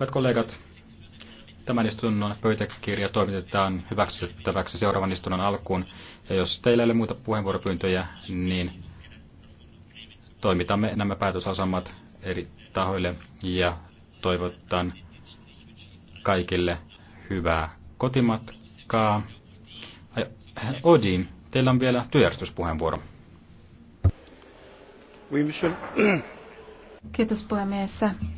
Hyvät kollegat, tämän istunnon pöytäkirja toimitetaan hyväksyttäväksi seuraavan istunnon alkuun. Ja jos teillä ei ole muita puheenvuoropyyntöjä, niin toimitamme nämä päätösasemat eri tahoille ja toivotan kaikille hyvää kotimatkaa. Odin, teillä on vielä työjärjestyspuheenvuoro. Kiitos puhemies.